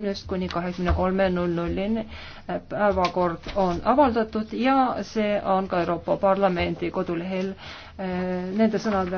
kümnest kuni kahekümne kolme null nullini päevakord on avaldatud ja see on ka Euroopa Parlamendi kodulehel eh, nende sõnadega